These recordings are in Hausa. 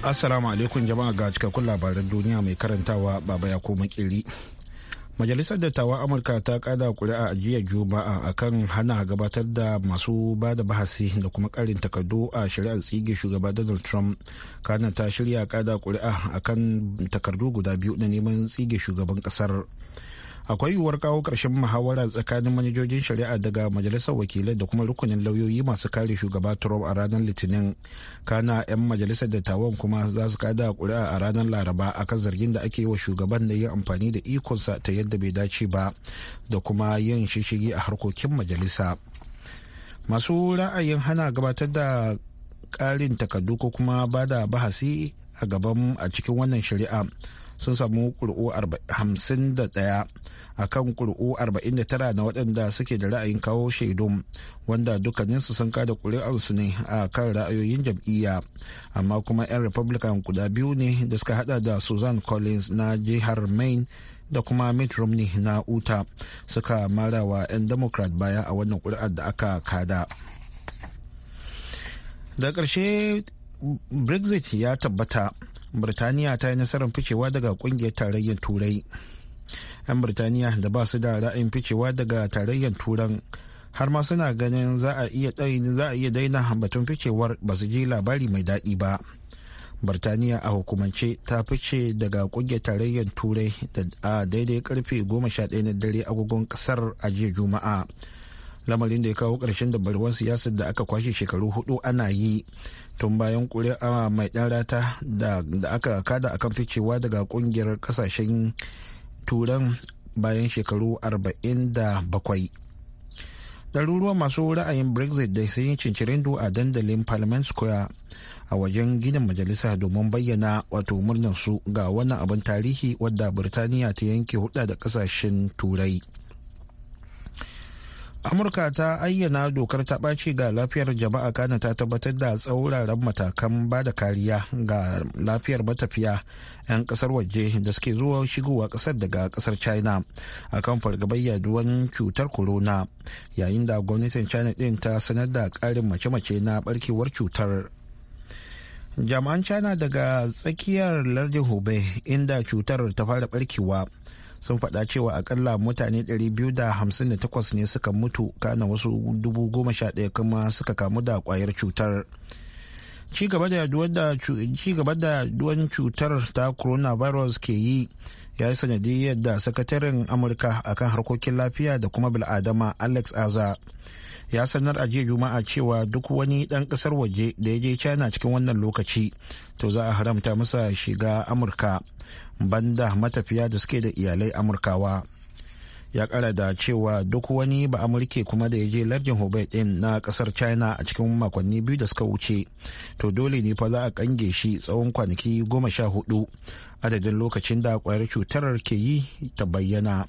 Assalamu alaikum jama'a ga cikakkun labaran duniya mai karantawa baba ya koma kiri. Majalisar Dattawan Amurka ta kada kuri'a a jiya Juma'a akan hana gabatar da masu ba da bahasi da kuma karin takardu a shari'ar tsige shugaba Donald Trump. Kana ta shirya kada kuri'a akan takardu guda biyu na neman tsige shugaban kasar. akwai yiwuwar kawo ƙarshen muhawara tsakanin manajojin shari'a daga majalisar wakilai da kuma rukunin lauyoyi masu kare shugaba trump a ranar litinin kana 'yan majalisar dattawan kuma za su kada kuri'a a ranar laraba akan zargin da ake yi wa shugaban da yin amfani da ikonsa ta yadda bai dace ba da kuma yin shishigi a harkokin majalisa masu ra'ayin hana gabatar da ƙarin takardu ko kuma bada bahasi a gaban a cikin wannan shari'a sun samu ƙuri'u 51 a kan ƙuri'u 49 na waɗanda suke da ra'ayin kawo shaidun wanda dukkaninsu sun kada ƙuri'arsu ne a kan ra'ayoyin jam'iyya amma kuma 'yan republican guda biyu ne da suka hada da susan collins na jihar maine da kuma mitt romney na uta suka mara wa 'yan democrat baya a wannan kuri'ar da aka kada da ƙarshe brexit ya tabbata birtaniya ta yi nasarar ficewa daga kungiyar tarayyar turai 'yan birtaniya da ba su da ra'ayin ficewa daga tarayyar turan har ma suna ganin za a iya daina batun ficewar ba su ji labari mai daɗi ba birtaniya a hukumance ta fice daga kungiyar tarayyar turai da a daidai karfe goma sha ɗaya na dare agogon kasar a jiya juma'a lamarin da ya kawo ƙarshen dabarwar siyasar da aka kwashe shekaru hudu ana yi tun bayan kuri'a mai ɗan rata da aka kada akan ficewa daga ƙungiyar ƙasashen turan bayan shekaru 47 ɗaruruwa masu ra'ayin brexit da sun yi cincirin a dandalin parliament square a wajen ginin majalisa domin bayyana wato murnarsu ga wani abin tarihi wadda birtaniya ta yanke hulɗa da ƙasashen turai amurka ta ayyana dokar ta ɓaci ga lafiyar jama'a kana ta tabbatar da tsauraran matakan ba da kariya ga lafiyar matafiya 'yan ƙasar waje da suke zuwa shigowa ƙasar daga ƙasar china a kan fargabar yaduwan cutar corona yayin da gwamnatin china ɗin ta sanar da ƙarin mace-mace na barkewar cutar jama'an china daga tsakiyar lardin hubei inda cutar ta fara barkewa sun faɗa cewa akalla mutane 258 ne suka mutu kana wasu 11,000 kuma suka kamu da kwayar cutar. ci gaba da duwan cutar ta coronavirus ke yi ya yi sanadiyar da sakataren amurka akan harkokin lafiya da kuma bil'adama alex aza ya sanar a jiya juma'a cewa duk wani ɗan ƙasar waje da ya je china cikin wannan lokaci to za a haramta masa shiga amurka banda matafiya da suke da iyalai amurkawa ya kara da cewa duk wani ba amurke kuma da ya je lardin hubei din na kasar china a cikin makonni biyu da suka wuce to dole ne fa za a kange shi tsawon kwanaki goma sha hudu adadin lokacin da kwayar cutar ke yi ta bayyana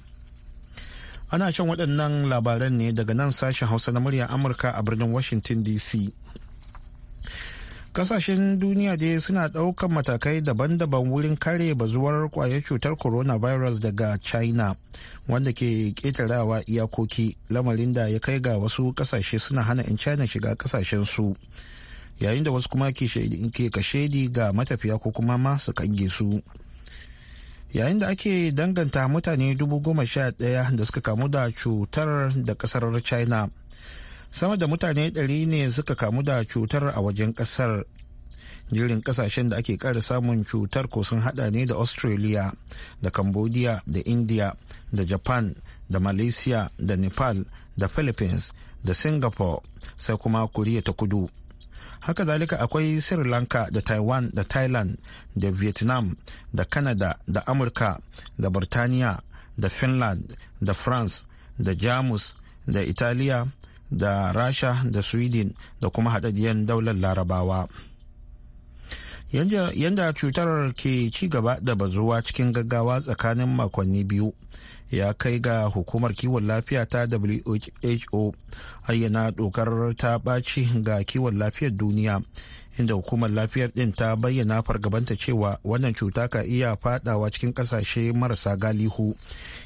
ana shan waɗannan labaran ne daga nan sashen hausa na murya amurka a birnin washington dc kasashen duniya dai suna ɗaukan matakai daban-daban wurin kare bazuwar kwayar cutar coronavirus daga china wanda ke ƙetarawa iyakoki lamarin da ya kai ga wasu kasashe suna hana 'yan china shiga kasashen su yayin da wasu kuma ke kashedi ga matafiya ko kuma ma su kange su yayin da ake danganta mutane dubu goma sha ɗaya da suka kamu da cutar da kasar china sama da mutane 100 ne suka kamu da cutar a wajen ƙasar jirin kasashen da ake kara samun cutar ko sun hada ne da australia da cambodia da india da japan da malaysia da nepal da philippines da singapore sai kuma koriya ta kudu haka zalika akwai sri lanka da taiwan da thailand da vietnam da canada da amurka da burtaniya da finland da france da jamus da italiya da rasha da sweden da kuma hadadiyar daular larabawa yadda cutar ke ci gaba da bazuwa cikin gaggawa tsakanin makonni biyu ya kai ga hukumar kiwon lafiya ta who ayyana dokar ta ɓaci ga kiwon lafiyar duniya inda hukumar lafiyar din ta bayyana fargabanta cewa wannan cuta ka iya fadawa cikin kasashe marasa galihu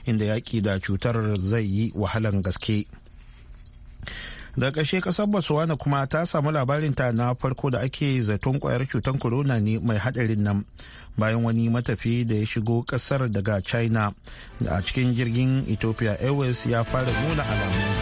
inda yaƙi da cutar zai yi wahalan gaske. da kashe ƙasar botswana kuma ta samu labarinta na farko da ake zaton kwayar cutar corona ne mai haɗarin nan bayan wani matafi da ya shigo ƙasar daga china da a cikin jirgin ethiopia airways ya fara nuna alamu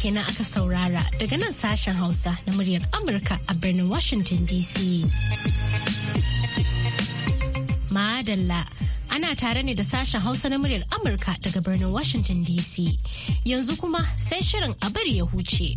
kenan aka saurara daga nan sashen Hausa na muryar Amurka a birnin Washington DC. Madalla ana tare ne da sashen Hausa na muryar Amurka daga birnin Washington DC. Yanzu kuma sai shirin a bari ya huce.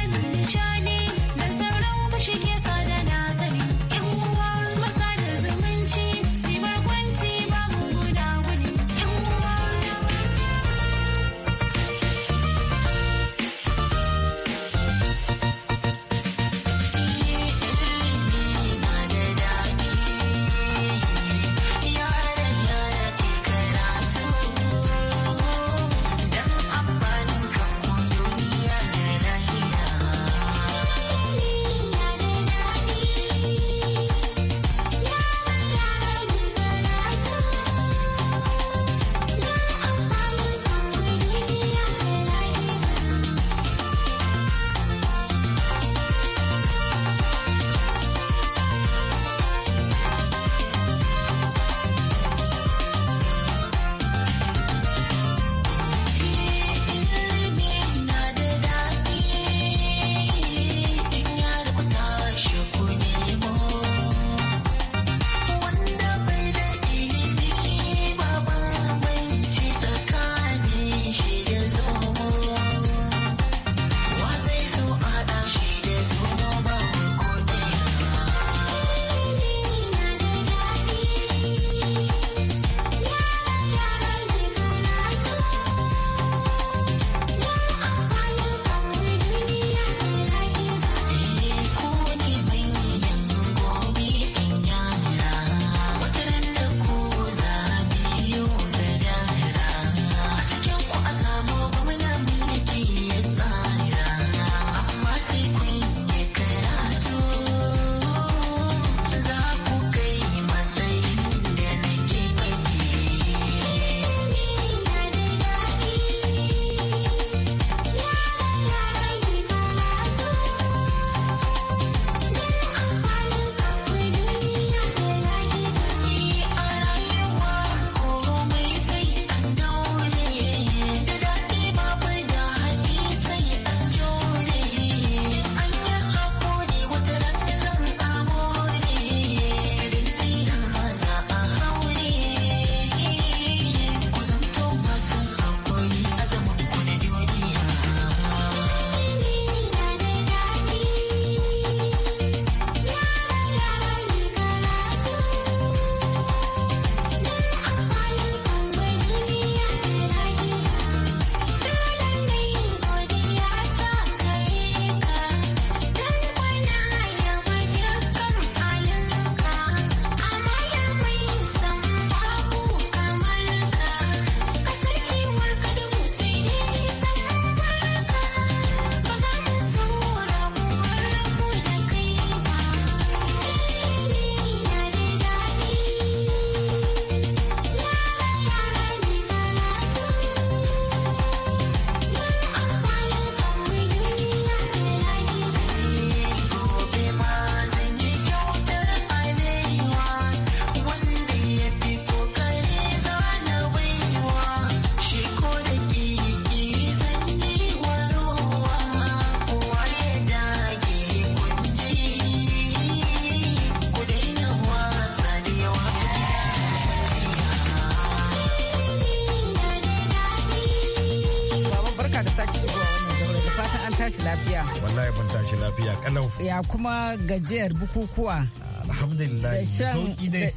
lafiya kalau ya kuma gajiyar bukukuwa alhamdulillah sauki dai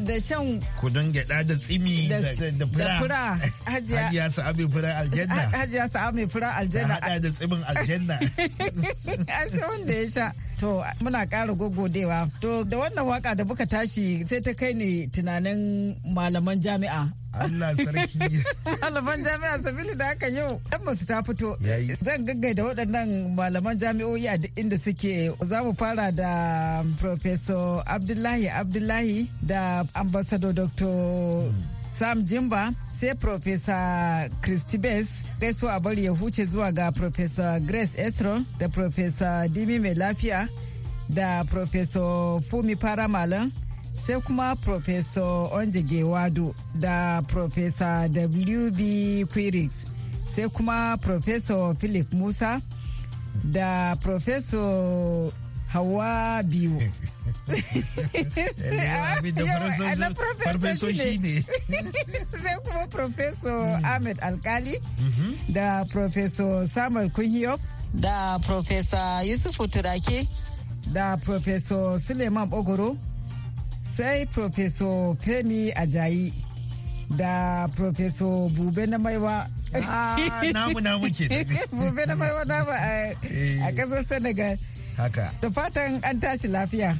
da shan kudin gyada da tsimi da fura hajiya sa'ami fura aljanna hajiya sa'ami fura aljanna da da tsimin aljanna an sai wanda ya sha to muna ƙara gogodewa to da wannan waka da buka tashi sai ta kai ni tunanin malaman jami'a Allah sarki. Malaman jami'a sabili da haka yau dan masu ta fito. Zan gaggaida waɗannan malaman jami'o'i a duk inda suke. Za mu fara da um, Professor Abdullahi Abdullahi da Ambassador Dr. Sam Jimba sai Profesa Christy Bess gaisuwa a bari ya huce zuwa ga Profesa Grace Esron da Profesa Dimi Mai Lafiya da Profesa Fumi Paramalan sai kuma Professor Onjage Wado da Professor WB Quirix sai kuma Professor Philip Musa da Professor Hawa Biyu. sai kuma Professor hmm. Ahmed Alkali mhm. da Professor Samuel Kunhiyop da Professor Yusufu Turake da Professor Suleiman Ogoro. sai professor femi ajayi da professor bube na maiwa ah, namu namu ke bube na maiwa namu eh, a kasar eh. senegal haka da fatan an tashi lafiya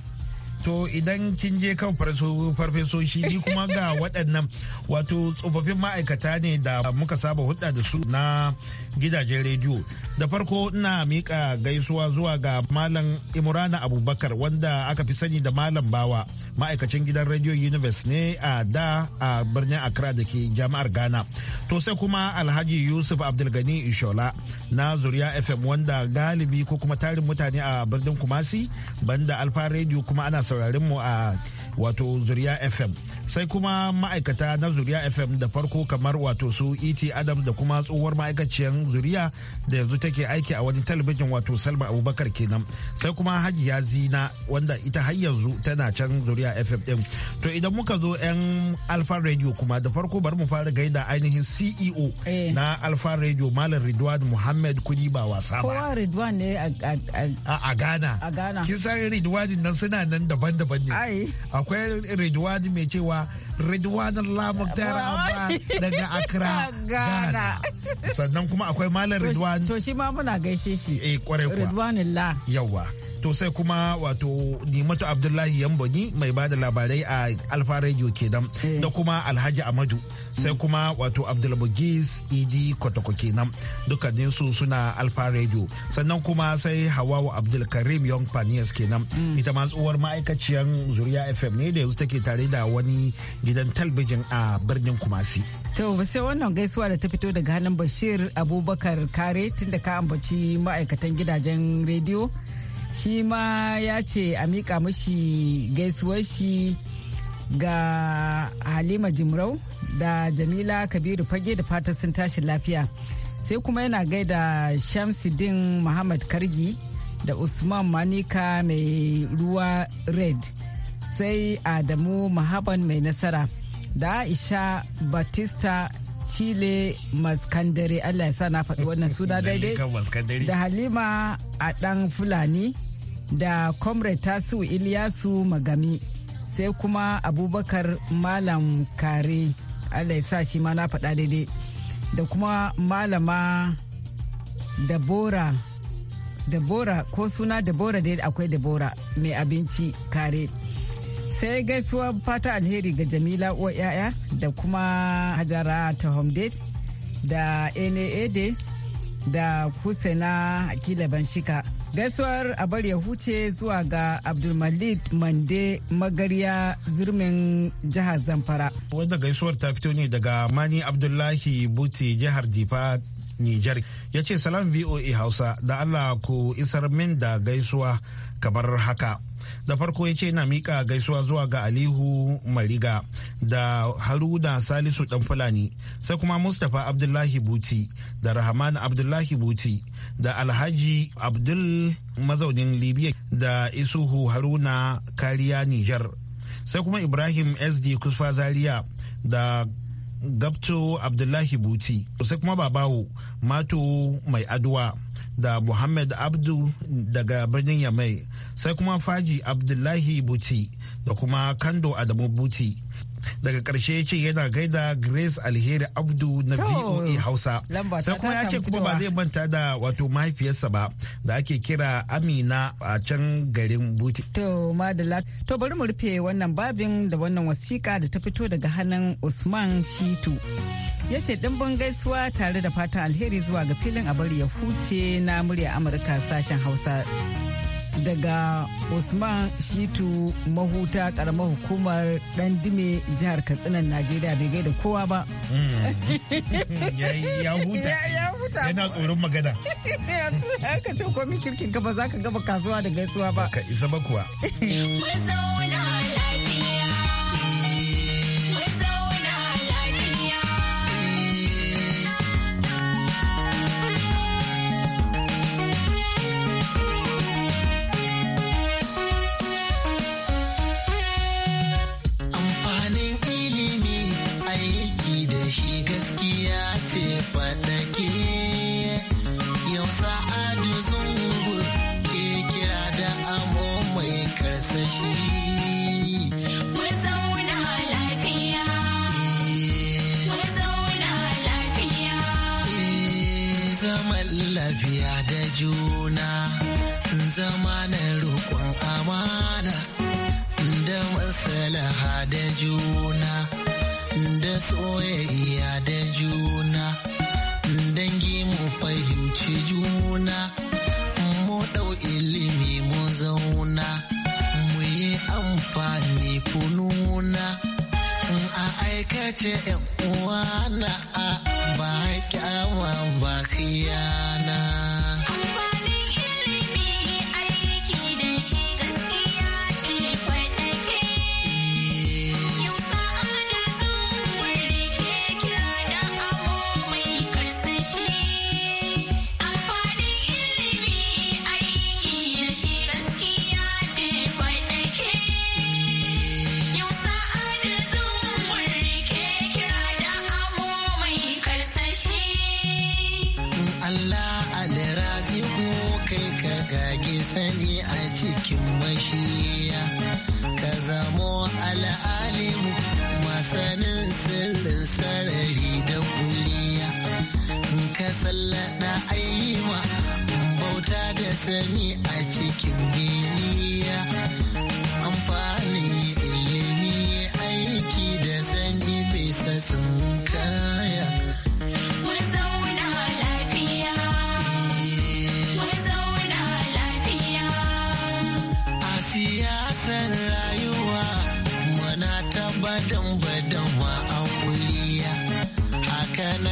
to idan kin je kan farfesoshi ni kuma ga waɗannan wato tsofaffin ma'aikata ne da muka saba hulɗa da su na gidajen rediyo da farko ina mika gaisuwa zuwa ga malam imrana abubakar wanda aka fi sani da malam bawa ma'aikacin gidan radio universe ne a da a birnin accra da ke jami'ar ghana to sai kuma alhaji yusuf abdulgani ishola na zuriya fm wanda galibi ko kuma tarin mutane a birnin kumasi banda alfa radio kuma ana sauraron mu a wato zuriya fm sai kuma ma'aikata na zuriya fm da farko kamar wato su et adam da kuma tsohuwar ma'aikaciyar zuriya da yanzu take aiki a wani talabijin wato salma abubakar kenan sai kuma hajiya zina wanda ita har yanzu tana can zuriya fm din to idan muka zo yan alfa radio kuma da farko bari mu fara gaida ainihin ceo eh. na alfa radio malam ridwan muhammad kudi ba wasa ba kowa ridwan ne a ghana a ghana kin san nan suna nan daban-daban ne a akwai redwad mai cewa redwad lamaktar abba daga accra ghana sannan kuma akwai malam redwad to shi ma muna gaishe shi eh kwarai kuwa redwanillah yawa to sai kuma wato nimatu abdullahi yamboni mai bada labarai a alfa radio kenan eh. da kuma alhaji amadu sai kuma wato abdulbugis idi kotoko kenan dukkanin su suna alfa radio sannan kuma sai hawawa abdulkarim young paniers kenan hmm. ita ma tsohuwar ma'aikaciyar zuriya fm ne da yanzu take tare da wani gidan talbijin a birnin kumasi to sai wannan gaisuwa da ta fito daga hannun bashir abubakar kare tun da ka ambaci ma'aikatan gidajen rediyo shi ma ya ce a miƙa mashi gaisuwar shi ga halima jimrau da jamila kabiru fage da fatan sun tashi lafiya sai kuma yana gaida shamsuddin muhammad kargi da usman manika mai ruwa red sai adamu mahaban mai nasara da aisha batista chile maskandare allah ya sa na faɗi wannan suna daidai da halima a ɗan fulani da comrade tasu iliyasu magami sai kuma abubakar malam kare allah ya sa shi ma na faɗa daidai da kuma malama dabora dabora ko suna dabora dai akwai dabora mai abinci kare sai gaisuwa fata alheri ga jamila uwa yaya da kuma hajara tahomdade da ene ede da kusena akila banshika shika gaisuwar abar ya huce zuwa ga abdulmalik mande magarya zirmin jihar zamfara wanda gaisuwar ta fito ne daga mani abdullahi buti jihar difa nijar ya ce salam voa hausa da allah ku isar min da gaisuwa kamar haka da farko ya ce na mika gaisuwa zuwa ga alihu mariga da haruna salisu dan fulani sai kuma mustapha abdullahi buti da rahman abdullahi buti da alhaji abdul mazaunin libya da isuhu haruna kariya nijar sai kuma ibrahim sd kusfa zaria da gabto abdullahi buti sai kuma babawo mato mai aduwa da Muhammad Abdu daga birnin Yamai sai kuma Faji Abdullahi Buti da kuma Kando Adamu Buti. daga karshe ya ce yana gaida grace alheri abdu na voa hausa sai kuma ya ce kuma ba zai manta da wato mahaifiyarsa ba da ake kira amina a can garin buti to to bari mu rufe wannan babin da wannan wasiƙa da ta fito daga hannun usman shitu ya ce dimbin gaisuwa tare da fatan alheri zuwa ga filin a bari ya huce na murya amurka sashen hausa daga Usman Shitu mahuta karamar hukumar dan dume jihar Katsina Najeriya bai gaida kowa ba. Mm. Ya huta. Yana tsoron magana. Aka ce komi kirkin ka ba za ka gaba kasuwa da gaisuwa ba. Ka isa ba kuwa. lafiya da juna zama na roƙon amana da masalaha da juna da soyayya da juna dangi mu fahimci juna mu ɗau ilimi mu zauna mu yi amfani kununa a aikace uwa na a ba kyawa ba khiyana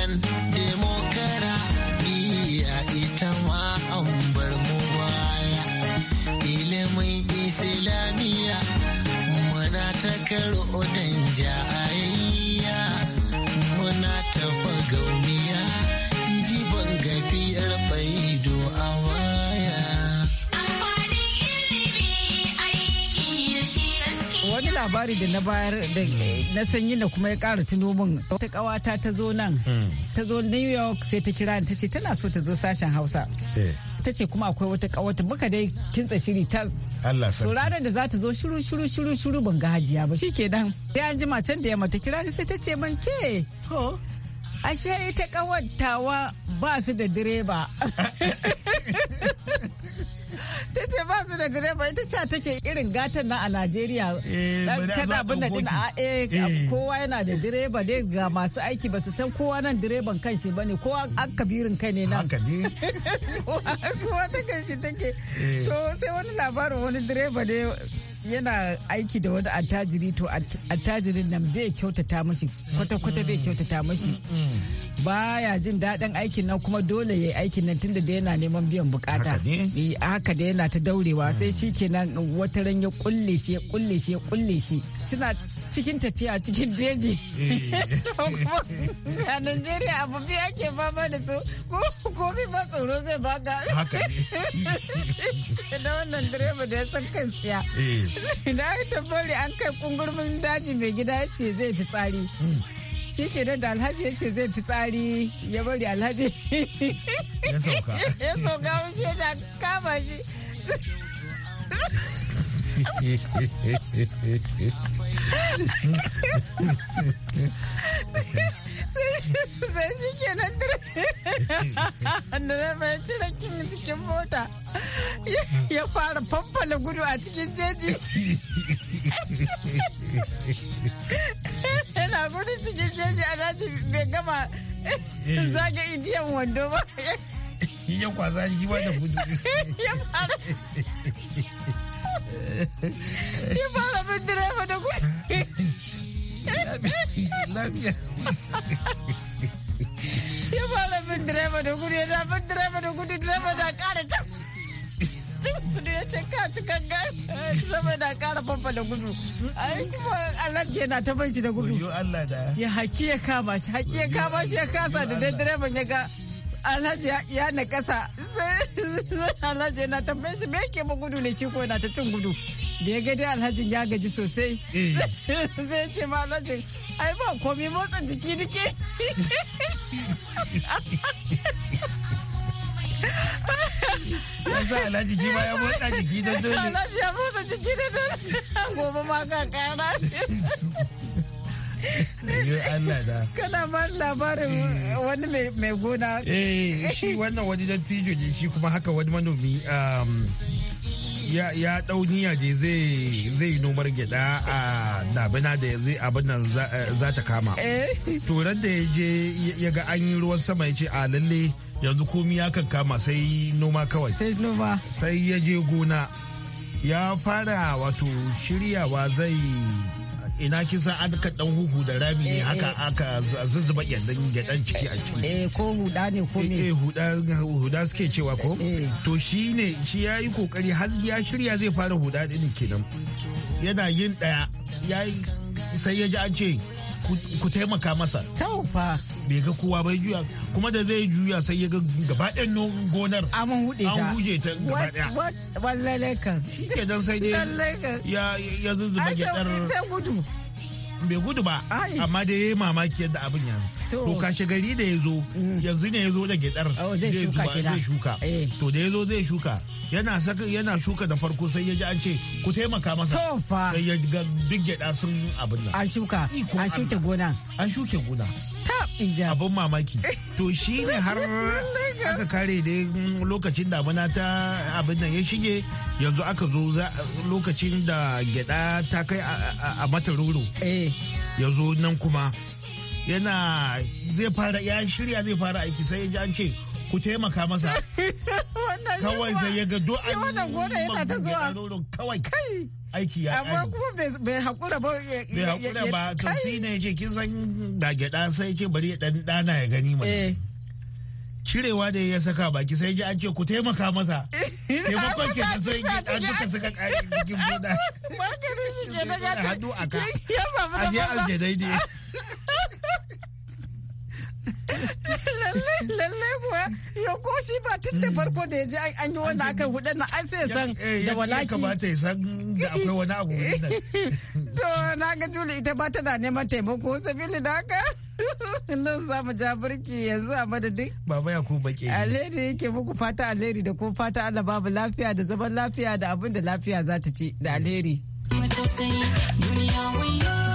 again. labari da na bayar da na sanyi da kuma ya kara tuno min ta kawata ta zo nan hmm. ta zo new york sai ta kira ta ce tana so ta zo sashen hausa eh. ta ce kuma akwai wata kawata muka dai kintsa shiri ta Allah sarki. ranar da za ta zo shiru shiru shiru shiru ban ga hajiya ba shikenan sai an jima can da yamma ta kira sai ta ce man ke ashe ita kawantawa ba su da direba ta ce ba su da direba ita ce take irin gatan na a najeriya eh, kada abin da din a eh, eh. kowa yana da direba dai ga masu aiki ba su san kowa nan direban kan shi bane kowa an kabirin kai ne nan kowa ta kan shi take to sai wani labarin wani direba dai yana aiki da wani attajiri to attajirin nan bai kyautata mashi kwata-kwata bai kyautata mashi baya jin daɗin aikin nan kuma dole ya yi aikin nan tunda da yana neman biyan bukata haka eh, da yana ta daurewa sai shi kenan wata ran ya kulle shi ya kulle shi ya kulle shi suna cikin tafiya cikin jeji eh. a Najeriya abu biya ake fama da su bi ba tsoro zai baka da wannan direba da ya san kan siya eh. na tabbari an kai kungurmin daji mai gida ce zai fi tsari shi ke da alhaji ya ce zai fi tsari ya bari alhaji ya sauka shi da kama shi sai shi kenan direba ya cire kin cikin mota ya fara fanfala gudu a cikin jeji yana gudu cikin jeji a zaci bai gama zage idiyan wando ba ya kwaza shi ba da gudu ya fara ya fara bin direba da gudu lafiya ya fara bin direba da gudu ya bin da gudu direba da kara ta gudu ya ce ka ci da eh, da gudu ai kuma Allah ke na ta bai da gudu ya haki ya kama shi haki ya kama shi ya kasa da dai direban ya ga Alhaji ya na kasa alhaji na tambayin shi me yake gudu ne ko na ta cin gudu da ya ga dai alhaji ya gaji sosai zai eh. ce ma alhaji ai ba komi motsa jiki duke yanzu alhaji shi ba ya motsa jiki da dole alhaji ya motsa jiki da dole gobe ma ka kara Kana ba labarin eh. wani mai gona. Eh, shi wannan wani dattijo ne shi kuma haka wani manomi um, ya ɗau niyya da zai nomar gyada a damina da zai abin nan za ta kama. Eh. Turan da ya je ya ga an yi ruwan sama ya ce a lalle yanzu komi ya kan kama sai noma kawai. Sai yaje Sai ya je gona ya fara wato shiryawa zai ina kisa an ka dan huhu da rami ne eh, haka eh. aka zuzzuba yandan dan ciki a ciki eh ko huda ne ko me eh, eh huda huda suke cewa ko to shi ne shi yayi kokari har ya shirya zai fara huda din kenan yana yin daya yayi sai ya ji an ce ku taimaka masa taufa bai ga kowa bai juya kuma da zai juya sai ya ga gaba gonar an huje ta gaba ɗaya wallahi kan shi ke dan sai dai ya zuzzuba gyaɗar bai gudu ba amma dai yayi mamaki yadda abin ya to kashe gari da ya zo mm. yanzu ne ya zo da gidar oh, zai shuka eh. to da ya zo zai shuka yana saka yana shuka da farko sai ya ji an ce ku taimaka masa sai ya ga duk gida sun abin nan an shuka an shuke gona an shuke gona abin mamaki eh. to shi ne har aka kare da lokacin damuna ta abin nan ya shige yanzu aka zo lokacin da gyada ta kai a mata roro eh. ya zo nan kuma yana zai fara ya shirya zai fara aiki sai ya an ce ku taimaka masa kawai sai ya ga do an wannan gona yana ta zuwa kawai aiki ya amma kuma bai hakura ba bai hakura ba to shi ne ce kin san da gyada sai ce bari ya dan dana ya gani mai cirewa da ya saka baki sai ji an ce ku taimaka masa taimakon ke da sai an duka saka kare jikin boda hannu a ka a je aljadai ne lalle kuwa ya ko shi ba tun da farko da ya ji an yi wani aka hudu na an sai san eh, da walaki ya kamata ya san da akwai wani abu to na ga juli ita ba da neman taimako sabili da haka nan za mu ja birki yanzu a madadin baba ya ku baki alheri yake muku fata alheri da ko fata Allah babu lafiya da zaman lafiya da abin da lafiya za ta ci da alheri duniya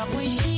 I wish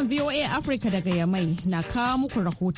Shirin VOA Africa daga Yamai na kawo muku rahoto.